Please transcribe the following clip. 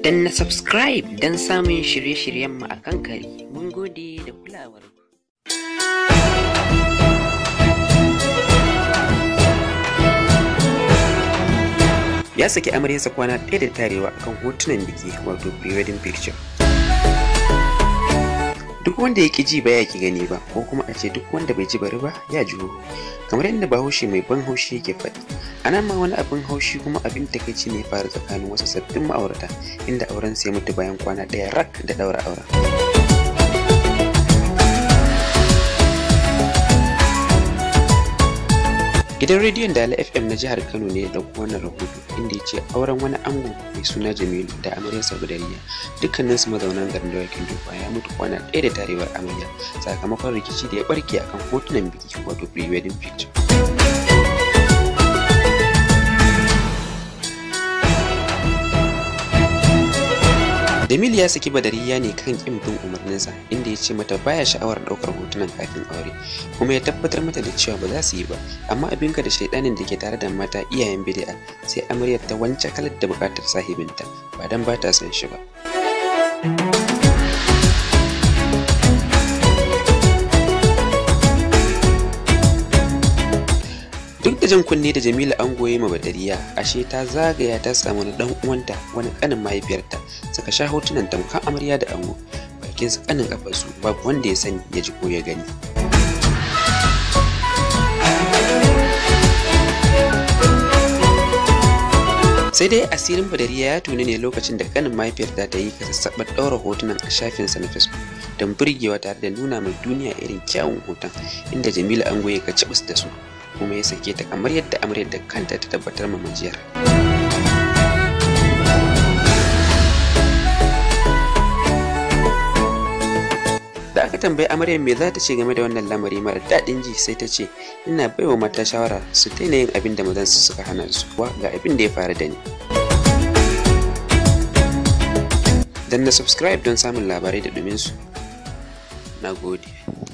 Dan na subscribe don samun shirye-shiryenmu a kan kari. Mun gode da kulawar. Ya saki amaryarsa kwana ɗaya da tarewa akan hotunan biki wato pre-wedding picture. duk wanda ya ki ji ba ya ki gani ba ko kuma a ce duk wanda bai ji bari ba ya juho kamar yadda bahaushe mai ban haushi yake faɗi ana ma wani abin haushi kuma abin takaici ne fara tsakanin wasu sabbin ma'aurata inda auren sai mutu bayan kwana ɗaya rak da ɗaura auren Gidan rediyon da FM na jihar Kano ne da ɗauko wannan rahoto inda ya ce auren wani ango mai suna Jamilu da amaryarsa dukkanin su mazaunan garin dawakin dubba ya mutu kwana ɗaya da tarewar amarya sakamakon rikici da ya barke akan hotunan biki wato pre-wedding picture. Jamil ya saki Badariya ne kan kin bin umarninsa inda ya ce mata baya sha'awar ɗaukar hotunan kafin aure kuma ya tabbatar mata da cewa ba za su yi ba amma abin ka da shaidanin da ke tare da mata iyayen bid'a sai amaryar ta wance kalar da bukatar sahibinta ba dan ba ta son shi ba. jan kunne da Jamila an goye ma badariya ashe ta zagaya ta samu na dan uwanta wani kanin mahaifiyarta suka sha hotunan tamkan amarya da ango bakin su kanin kafarsu babu wanda ya sani ya ji ko ya gani. sai dai asirin badariya ya tuni ne lokacin da kanin mahaifiyarta ta yi kasassaɓar ɗaura hotunan a shafinsa na facebook don burgewa tare da nuna mai duniya irin kyawun hoton inda jamila an ka ci da su kuma ya sake ta kamar yadda amaryar da kanta ta tabbatar ma majiyar da aka tambayi amaryar me za ta ce game da wannan lamari mara daɗin ji sai ta ce ina baiwa mata shawara su daina yin abin da mazan su suka hana su kuwa ga abin da ya faru da ni dan na subscribe don samun labarai da dumin su na gode